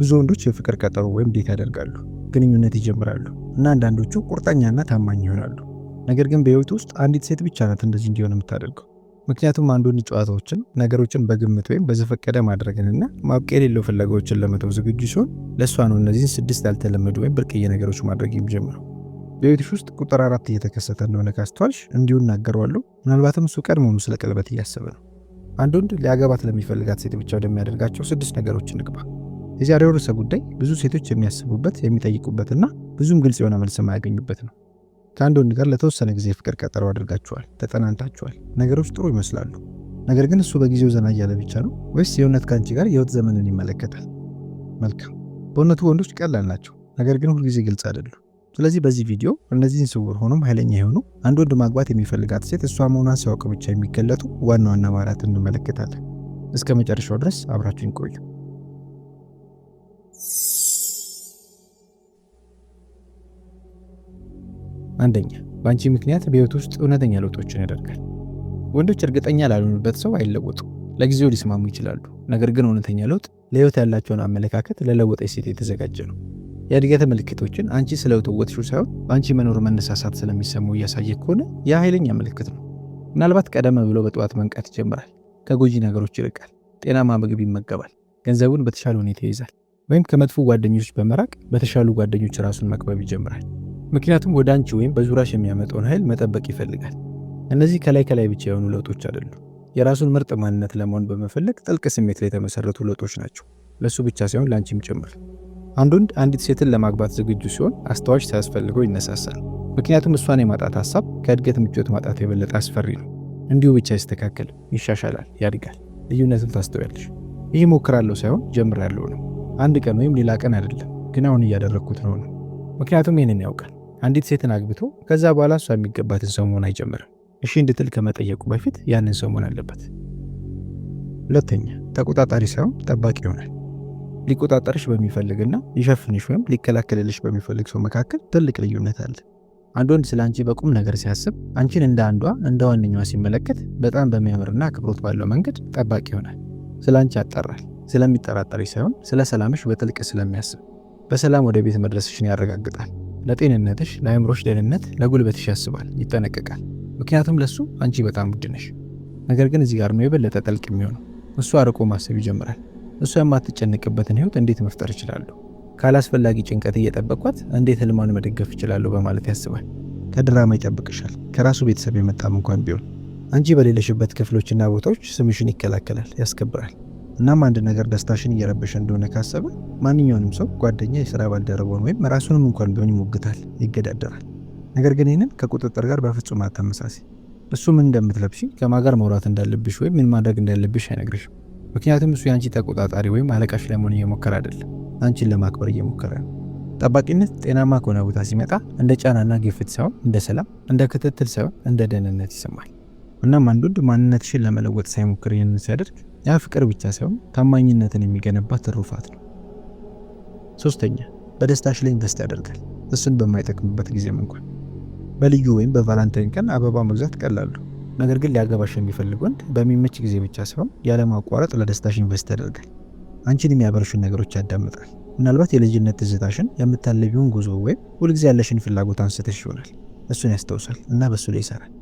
ብዙ ወንዶች የፍቅር ቀጠሮ ወይም ዴት ያደርጋሉ፣ ግንኙነት ይጀምራሉ እና አንዳንዶቹ ቁርጠኛና ታማኝ ይሆናሉ። ነገር ግን በህይወት ውስጥ አንዲት ሴት ብቻ ናት እንደዚህ እንዲሆን የምታደርገው። ምክንያቱም አንዱን ጨዋታዎችን፣ ነገሮችን በግምት ወይም በዘፈቀደ ማድረግንና ማብቂያ የሌለው ፍለጋዎችን ለመተው ዝግጁ ሲሆን ለእሷ ነው እነዚህን ስድስት ያልተለመዱ ወይም ብርቅዬ ነገሮች ማድረግ የሚጀምረው። በቤትሽ ውስጥ ቁጥር አራት እየተከሰተ እንደሆነ ካስተዋልሽ እንዲሁ እናገረዋለሁ። ምናልባትም እሱ ቀድሞውኑ ስለ ቀለበት እያሰበ ነው። አንድ ወንድ ሊያገባት ለሚፈልጋት ሴት ብቻ ወደሚያደርጋቸው ስድስት ነገሮች እንግባ። የዛሬው ርዕሰ ጉዳይ ብዙ ሴቶች የሚያስቡበት የሚጠይቁበትና ብዙም ግልጽ የሆነ መልስ የማያገኙበት ነው። ከአንድ ወንድ ጋር ለተወሰነ ጊዜ ፍቅር ቀጠሮ አድርጋችኋል፣ ተጠናንታችኋል፣ ነገሮች ጥሩ ይመስላሉ። ነገር ግን እሱ በጊዜው ዘና እያለ ብቻ ነው ወይስ የእውነት ከአንቺ ጋር የህይወት ዘመንን ይመለከታል? መልካም። በእውነቱ ወንዶች ቀላል ናቸው፣ ነገር ግን ሁልጊዜ ግልጽ አይደሉም። ስለዚህ በዚህ ቪዲዮ እነዚህን ስውር ሆኖም ኃይለኛ የሆኑ አንድ ወንድ ማግባት የሚፈልጋት ሴት እሷ መሆኗን ሲያውቅ ብቻ የሚገለጡ ዋና ዋና ባህሪያትን እንመለከታለን። እስከ መጨረሻው ድረስ አብራችሁን ቆዩ። አንደኛ በአንቺ ምክንያት በህይወት ውስጥ እውነተኛ ለውጦችን ያደርጋል። ወንዶች እርግጠኛ ላልሆኑበት ሰው አይለወጡም። ለጊዜው ሊስማሙ ይችላሉ፣ ነገር ግን እውነተኛ ለውጥ ለህይወት ያላቸውን አመለካከት ለለወጠች ሴት የተዘጋጀ ነው። የእድገት ምልክቶችን አንቺ ስለተወጥሽው ሳይሆን በአንቺ መኖር መነሳሳት ስለሚሰማው እያሳየ ከሆነ የኃይለኛ ምልክት ነው። ምናልባት ቀደም ብሎ በጠዋት መንቃት ይጀምራል፣ ከጎጂ ነገሮች ይርቃል፣ ጤናማ ምግብ ይመገባል፣ ገንዘቡን በተሻለ ሁኔታ ይይዛል። ወይም ከመጥፎ ጓደኞች በመራቅ በተሻሉ ጓደኞች ራሱን መክበብ ይጀምራል። ምክንያቱም ወደ አንቺ ወይም በዙሪያሽ የሚያመጣውን ኃይል መጠበቅ ይፈልጋል። እነዚህ ከላይ ከላይ ብቻ የሆኑ ለውጦች አይደሉም። የራሱን ምርጥ ማንነት ለመሆን በመፈለግ ጥልቅ ስሜት ላይ የተመሰረቱ ለውጦች ናቸው። ለእሱ ብቻ ሳይሆን ለአንቺም ጭምር። አንድ ወንድ አንዲት ሴትን ለማግባት ዝግጁ ሲሆን አስታዋሽ ሳያስፈልገው ይነሳሳል። ምክንያቱም እሷን የማጣት ሀሳብ ከእድገት ምቾት ማጣት የበለጠ አስፈሪ ነው። እንዲሁ ብቻ ይስተካከል፣ ይሻሻላል፣ ያድጋል። ልዩነትም ታስተውያለሽ። ይህ ሞክራለሁ ሳይሆን ጀምር ያለው ነው። አንድ ቀን ወይም ሌላ ቀን አይደለም፣ ግን አሁን እያደረግኩት ነው ነው። ምክንያቱም ይህንን ያውቃል። አንዲት ሴትን አግብቶ ከዛ በኋላ እሷ የሚገባትን ሰው መሆን አይጨምርም። እሺ እንድትል ከመጠየቁ በፊት ያንን ሰው መሆን አለበት። ሁለተኛ ተቆጣጣሪ ሳይሆን ጠባቂ ይሆናል። ሊቆጣጠርሽ በሚፈልግና ሊሸፍንሽ ወይም ሊከላከልልሽ በሚፈልግ ሰው መካከል ትልቅ ልዩነት አለ። አንድ ወንድ ስለ አንቺ በቁም ነገር ሲያስብ፣ አንቺን እንደ አንዷ እንደ ዋነኛዋ ሲመለከት በጣም በሚያምርና አክብሮት ባለው መንገድ ጠባቂ ይሆናል። ስለ አንቺ ያጠራል። ስለሚጠራጠርሽ ሳይሆን ስለ ሰላምሽ በጥልቅ ስለሚያስብ በሰላም ወደ ቤት መድረስሽን ያረጋግጣል። ለጤንነትሽ፣ ለአእምሮሽ ደህንነት፣ ለጉልበትሽ ያስባል፣ ይጠነቀቃል። ምክንያቱም ለሱ አንቺ በጣም ውድ ነሽ። ነገር ግን እዚህ ጋር ነው የበለጠ ጠልቅ የሚሆነው። እሱ አርቆ ማሰብ ይጀምራል። እሷ የማትጨንቅበትን ህይወት እንዴት መፍጠር እችላለሁ? ካላስፈላጊ ጭንቀት እየጠበቋት እንዴት ህልማን መደገፍ እችላለሁ? በማለት ያስባል። ከድራማ ይጠብቅሻል። ከራሱ ቤተሰብ የመጣም እንኳን ቢሆን አንቺ በሌለሽበት ክፍሎችና ቦታዎች ስምሽን ይከላከላል፣ ያስከብራል። እናም አንድ ነገር ደስታሽን እየረበሸ እንደሆነ ካሰበ ማንኛውንም ሰው ጓደኛ፣ የስራ ባልደረባውን ወይም ራሱንም እንኳን ቢሆን ይሞግታል፣ ይገዳደራል። ነገር ግን ይህንን ከቁጥጥር ጋር በፍጹም አታመሳሲ። እሱ ምን ከማ ከማጋር መውራት እንዳለብሽ ወይም ምን ማድረግ እንዳለብሽ አይነግርሽም። ምክንያቱም እሱ የአንቺ ተቆጣጣሪ ወይም አለቃሽ ለመሆን እየሞከረ አይደለም፣ አንቺን ለማክበር እየሞከረ ነው። ጠባቂነት ጤናማ ከሆነ ቦታ ሲመጣ እንደ ጫናና ግፍት ሳይሆን እንደ ሰላም፣ እንደ ክትትል ሳይሆን እንደ ደህንነት ይሰማል። እናም አንድ ወንድ ማንነትሽን ለመለወጥ ሳይሞክር ይህንን ሲያደርግ ያ ፍቅር ብቻ ሳይሆን ታማኝነትን የሚገነባ ትሩፋት ነው። ሶስተኛ በደስታሽ ላይ ኢንቨስት ያደርጋል። እሱን በማይጠቅምበት ጊዜም እንኳን በልዩ ወይም በቫላንታይን ቀን አበባ መግዛት ቀላሉ፣ ነገር ግን ሊያገባሽ የሚፈልግ ወንድ በሚመች ጊዜ ብቻ ሳይሆን ያለማቋረጥ ለደስታሽ ኢንቨስት ያደርጋል። አንቺን የሚያበረሹን ነገሮች ያዳምጣል። ምናልባት የልጅነት ትዝታሽን፣ የምታለቢውን ጉዞ ወይም ሁልጊዜ ያለሽን ፍላጎት አንስተሽ ይሆናል። እሱን ያስታውሳል እና በእሱ ላይ ይሰራል።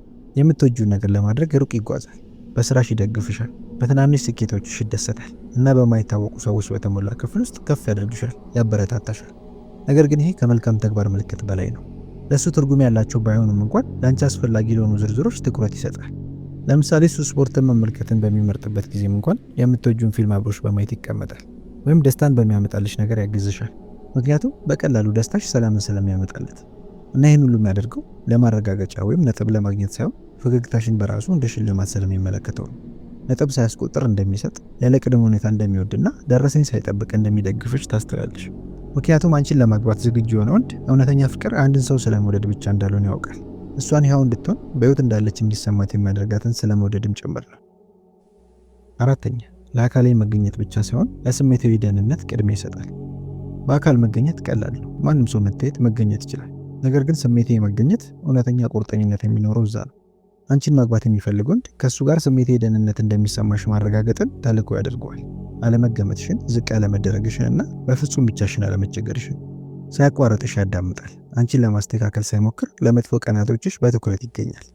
የምትወጂውን ነገር ለማድረግ ሩቅ ይጓዛል። በስራሽ ይደግፍሻል፣ በትናንሽ ስኬቶችሽ ይደሰታል እና በማይታወቁ ሰዎች በተሞላ ክፍል ውስጥ ከፍ ያደርግሻል፣ ያበረታታሻል። ነገር ግን ይሄ ከመልካም ተግባር ምልክት በላይ ነው። ለእሱ ትርጉም ያላቸው ባይሆኑም እንኳን ለአንቺ አስፈላጊ ለሆኑ ዝርዝሮች ትኩረት ይሰጣል። ለምሳሌ እሱ ስፖርትን መመልከትን በሚመርጥበት ጊዜም እንኳን የምትወጁን ፊልም አብሮሽ በማየት ይቀመጣል፣ ወይም ደስታን በሚያመጣልሽ ነገር ያግዝሻል፣ ምክንያቱም በቀላሉ ደስታሽ ሰላምን ስለሚያመጣለት እና ይህን ሁሉ የሚያደርገው ለማረጋገጫ ወይም ነጥብ ለማግኘት ሳይሆን ፈገግታሽን በራሱ እንደ ሽልማት ስለሚመለከተው ነው። ነጥብ ሳያስቆጥር እንደሚሰጥ ያለቅድመ ሁኔታ እንደሚወድና ደረሰኝ ሳይጠብቅ እንደሚደግፍሽ ታስተላለሽ። ምክንያቱም አንቺን ለማግባት ዝግጁ የሆነ ወንድ እውነተኛ ፍቅር አንድን ሰው ስለመውደድ ብቻ እንዳልሆነ ያውቃል። እሷን ይኸው እንድትሆን በሕይወት እንዳለች እንዲሰማት የሚያደርጋትን ስለመውደድም ጭምር ነው። አራተኛ ለአካላዊ መገኘት ብቻ ሳይሆን ለስሜታዊ ደህንነት ቅድሚያ ይሰጣል። በአካል መገኘት ቀላል ነው። ማንም ሰው መታየት መገኘት ይችላል። ነገር ግን ስሜታዊ መገኘት እውነተኛ ቁርጠኝነት የሚኖረው እዛ ነው። አንቺን ማግባት የሚፈልግ ወንድ ከእሱ ጋር ስሜታዊ ደህንነት እንደሚሰማሽ ማረጋገጥን ተልዕኮ ያደርገዋል። አለመገመትሽን፣ ዝቅ ያለመደረግሽን እና በፍጹም ብቻሽን አለመቸገርሽን ሳያቋረጥሽ ያዳምጣል። አንቺን ለማስተካከል ሳይሞክር ለመጥፎ ቀናቶችሽ በትኩረት ይገኛል።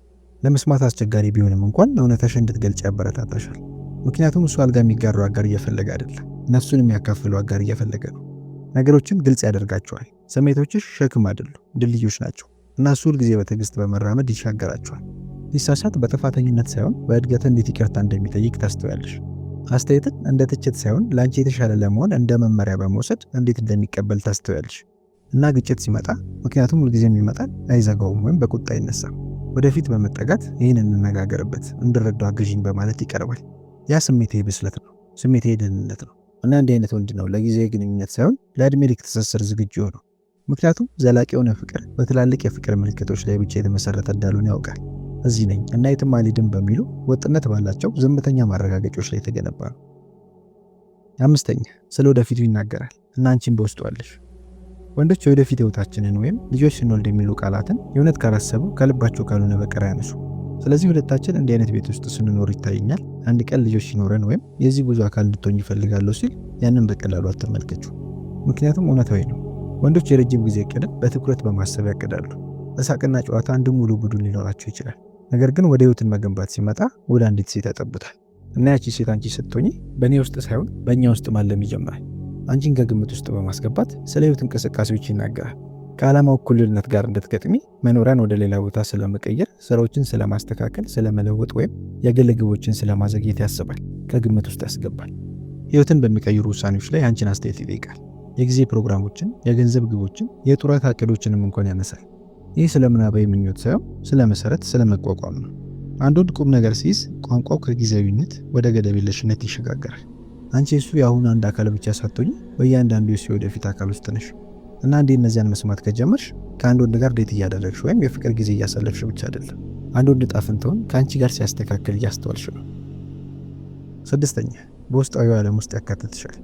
ለመስማት አስቸጋሪ ቢሆንም እንኳን እውነታሽን እንድትገልጭ ያበረታታሻል። ምክንያቱም እሱ አልጋ የሚጋሩ አጋር እየፈለገ አይደለም፣ ነፍሱን የሚያካፍሉ አጋር እየፈለገ ነው። ነገሮችን ግልጽ ያደርጋቸዋል። ስሜቶችሽ ሸክም አይደሉ፣ ድልድዮች ናቸው እና እሱ ሁልጊዜ በትዕግስት በመራመድ ይሻገራቸዋል። ሲሳሳት በጥፋተኝነት ሳይሆን በእድገት እንዴት ይቅርታ እንደሚጠይቅ ታስተውያለሽ። አስተያየትን እንደ ትችት ሳይሆን ለአንቺ የተሻለ ለመሆን እንደ መመሪያ በመውሰድ እንዴት እንደሚቀበል ታስተውያለሽ። እና ግጭት ሲመጣ ምክንያቱም ሁልጊዜም ይመጣል፣ አይዘጋውም ወይም በቁጣ አይነሳም። ወደፊት በመጠጋት ይህን እንነጋገርበት፣ እንድረዳው ግዥኝ በማለት ይቀርባል። ያ ስሜቴ ብስለት ነው፣ ስሜቴ ደህንነት ነው። እና እንዲህ አይነት ወንድ ነው ለጊዜ ግንኙነት ሳይሆን ለዕድሜ ልክ ትስስር ዝግጁ የሆነው። ምክንያቱም ዘላቂ የሆነ ፍቅር በትላልቅ የፍቅር ምልክቶች ላይ ብቻ የተመሰረተ እንዳልሆነ ያውቃል። እዚህ ነኝ እና የትም አልሄድም በሚሉ ወጥነት ባላቸው ዝምተኛ ማረጋገጫዎች ላይ የተገነባ ነው። አምስተኛ ስለ ወደፊቱ ይናገራል እና አንቺን በውስጡ አለሽ። ወንዶች የወደፊት ህይወታችንን ወይም ልጆች ስንወልድ የሚሉ ቃላትን የእውነት ካላሰቡ ከልባቸው ካልሆነ በቀር አያነሱ። ስለዚህ ሁለታችን እንዲህ አይነት ቤት ውስጥ ስንኖር ይታየኛል። አንድ ቀን ልጆች ሲኖረን ወይም የዚህ ብዙ አካል እንድትሆኝ ይፈልጋለሁ ሲል ያንን በቀላሉ አትመልከችው። ምክንያቱም እውነታዊ ነው። ወንዶች የረጅም ጊዜ እቅድን በትኩረት በማሰብ ያቅዳሉ። እሳቅና ጨዋታ አንድ ሙሉ ቡድን ሊኖራቸው ይችላል። ነገር ግን ወደ ህይወትን መገንባት ሲመጣ ወደ አንዲት ሴት ያጠቡታል እና ያቺ ሴት አንቺ ስትሆኚ በእኔ ውስጥ ሳይሆን በእኛ ውስጥ ማለም ይጀምራል። አንቺን ከግምት ውስጥ በማስገባት ስለ ህይወት እንቅስቃሴዎች ይናገራል። ከዓላማው እኩልነት ጋር እንድትገጥሚ መኖሪያን ወደ ሌላ ቦታ ስለመቀየር፣ ስራዎችን ስለማስተካከል፣ ስለመለወጥ ወይም የግል ግቦችን ስለማዘግየት ያስባል፣ ከግምት ውስጥ ያስገባል። ህይወትን በሚቀይሩ ውሳኔዎች ላይ አንቺን አስተያየት ይጠይቃል። የጊዜ ፕሮግራሞችን፣ የገንዘብ ግቦችን፣ የጡረታ እቅዶችንም እንኳን ያነሳል። ይህ ስለ ምናባዊ ምኞት ሳይሆን ስለ መሰረት፣ ስለ መቋቋም ነው። አንድ ወንድ ቁም ነገር ሲይዝ ቋንቋው ከጊዜያዊነት ወደ ገደብ የለሽነት ይሸጋገራል። አንቺ እሱ የአሁኑ አንድ አካል ብቻ ሳቶኝ በእያንዳንዱ የሱ የወደፊት አካል ውስጥ ነሽ እና እንዴ እነዚያን መስማት ከጀመርሽ ከአንድ ወንድ ጋር ዴት እያደረግሽ ወይም የፍቅር ጊዜ እያሳለፍሽ ብቻ አይደለም። አንድ ወንድ ጣፍንተውን ከአንቺ ጋር ሲያስተካክል እያስተዋልሽ ነው። ስድስተኛ በውስጣዊ ዓለም ውስጥ ያካትትሻል።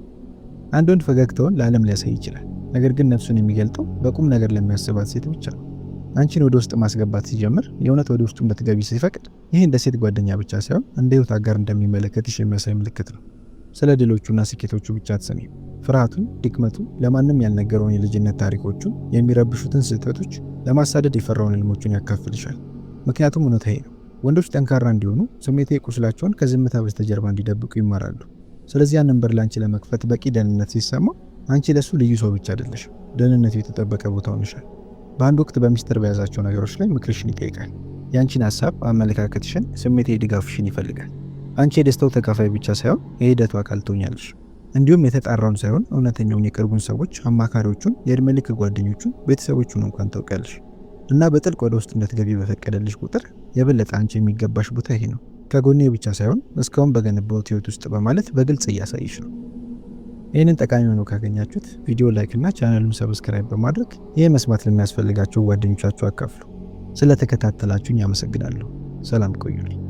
አንድ ወንድ ፈገግታውን ለዓለም ሊያሳይ ይችላል፣ ነገር ግን ነፍሱን የሚገልጠው በቁም ነገር ለሚያስባት ሴት ብቻ ነው። አንቺን ወደ ውስጥ ማስገባት ሲጀምር የእውነት ወደ ውስጡ እንድትገቢ ሲፈቅድ ይህ እንደ ሴት ጓደኛ ብቻ ሳይሆን እንደ ህይወት አጋር እንደሚመለከትሽ የሚያሳይ ምልክት ነው። ስለ ድሎቹና ስኬቶቹ ብቻ አትሰሚ። ፍርሃቱን፣ ድክመቱን፣ ለማንም ያልነገረውን የልጅነት ታሪኮቹን፣ የሚረብሹትን ስህተቶች፣ ለማሳደድ የፈራውን ህልሞቹን ያካፍልሻል። ምክንያቱም እውነት ይሄ ነው። ወንዶች ጠንካራ እንዲሆኑ ስሜታዊ ቁስላቸውን ከዝምታ በስተጀርባ እንዲደብቁ ይማራሉ። ስለዚህ ያንን በር ለአንቺ ለመክፈት በቂ ደህንነት ሲሰማ አንቺ ለሱ ልዩ ሰው ብቻ አይደለሽም፣ ደህንነቱ የተጠበቀ ቦታ ሆንሻል። በአንድ ወቅት በሚስጥር በያዛቸው ነገሮች ላይ ምክርሽን ይጠይቃል። የአንቺን ሀሳብ፣ አመለካከትሽን፣ ስሜታዊ ድጋፍሽን ይፈልጋል። አንቺ የደስታው ተካፋይ ብቻ ሳይሆን የሂደቱ አካል ትሆኛለሽ። እንዲሁም የተጣራውን ሳይሆን እውነተኛውን የቅርቡን ሰዎች፣ አማካሪዎቹን፣ የእድሜ ልክ ጓደኞቹን፣ ቤተሰቦቹን እንኳን ታውቂያለሽ። እና በጥልቅ ወደ ውስጥ እንድትገቢ በፈቀደልሽ ቁጥር የበለጠ አንቺ የሚገባሽ ቦታ ይሄ ነው፣ ከጎኔ ብቻ ሳይሆን እስካሁን በገነባሁት ህይወት ውስጥ በማለት በግልጽ እያሳይሽ ነው። ይህንን ጠቃሚ ሆኖ ካገኛችሁት ቪዲዮ ላይክ እና ቻናሉን ሰብስክራይብ በማድረግ ይህ መስማት ለሚያስፈልጋቸው ጓደኞቻችሁ አካፍሉ። ስለተከታተላችሁኝ አመሰግናለሁ። ሰላም ቆዩልኝ።